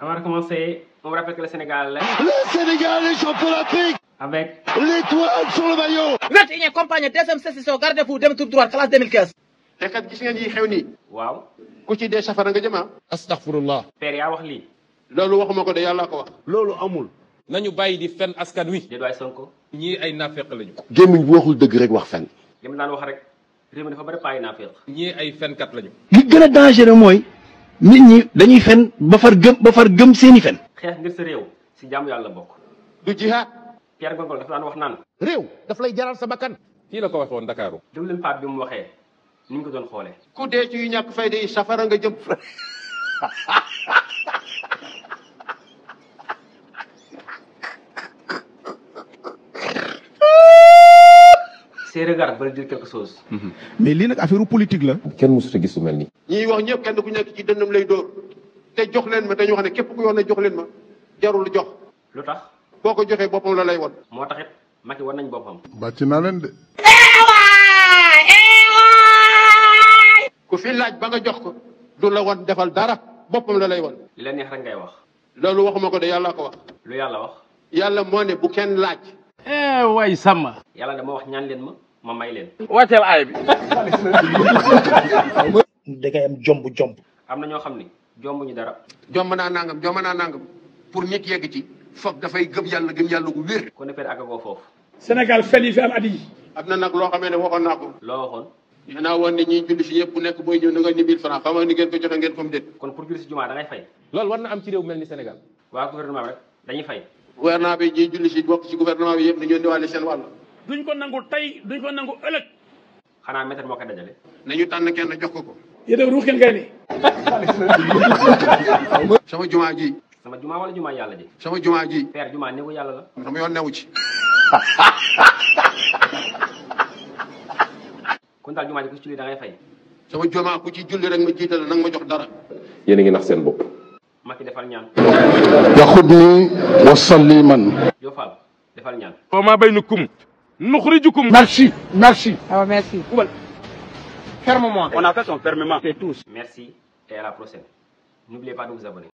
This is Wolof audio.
On va recommencer. On rappelle que le Sénégal. ¿eh? Le Sénégal est champion d'Afrique Avec. L'étoile sur le maillot Mettre garde-fou, demi tour droit, classe 2015. te kat gis nga lii xew nii. waaw. ku ci dee safara nga jëm ah. astaghfirullah. père yaa wax lii. loolu waxuma ko de yàlla ko wax. loolu amul. na ñu bàyyi di fen askan wi. déedwaay ko ñii ay naafeq lañu. gémmiñ bu waxul dëgg rek wax fen. li mu daan wax rek réew mi dafa bari ay fenkat lañu. li gën a dangereux mooy. nit ñi dañuy fen ba far gëm ba far gëm seeni fen. xeex ngir sa réew si jàmm yàlla bokk. du jihaat. Pierre Gongol dafa daan wax naan. réew daf lay jaral sa bakkan. fii la ko waxee woon Dakar. déglu leen Pape bi mu waxee ni ñu ko doon xoolee. ku dee ci yu ñàkk fayda yi safara nga jëm. ses regards veulent dire quelque chose. Mhm. mais lii nag affaire politique la. kenn mosut a gis lu mel nii. ñiy wax ñëpp kenn ku nekk ci dënnam lay dóor te jox leen ma dañu wax ne képp ku yoon ne jox leen ma jarul jox. lu tax. boo ko joxee boppam la lay won. moo tax it Macky war nañ boppam. bàcc naa leen de. Eh eh ku fi laaj ba nga jox ko du la wan defal dara boppam la lay won. li la neex rek ngay wax. loolu waxuma ko de yàlla ko wax. lu yàlla wax. yàlla moo ne bu kenn laaj. eh waay sàmm. yàlla dama wax ñaan leen ma. ma may leen. wàcceel aay bi. da ngay am jomb jomb. am na ñoo xam ni jomb ñu dara. jomb naa nangam jomb naa nangam pour nit yegg ci foog dafay gëm yàlla gëm yàlla gu wér. ku ne fee akagoo foofu. Sénégal fen yi na nag loo xamee na nga ni 1000 francs xam nga ni ngeen ko jot a ngeen ko mu déet. kon pour julli si jumaa da fay. loolu war na am ci réew mel ni Sénégal. waa gouvernement bi rek dañuy fay. gouvernement bi ñiy julli si bokk ci gouvernement bi yëpp dañoo indiwaale seen wàll duñ ko nangu tay duñ ko nangu ëlëk xana méthode moo ko dajale nañu tan kenn jox ko ko yéde ruux kenn ngay ne sama juma ji sama juma wala juma yalla ji sama juma ji père ni ko yalla la sama yoon newu ci kon daal juma ji ko ci li da ngay fay sama juma ku ci julli rek ma jital nak ma jox dara yéen ngi nax seen bopp maki defal ñaan khudni wa salliman yo fal defal ñaan ko ma baynukum Merci, merci. Ah, merci. On a fait son fermement. C'est tous. Merci et à la prochaine. N'oubliez pas de vous abonner.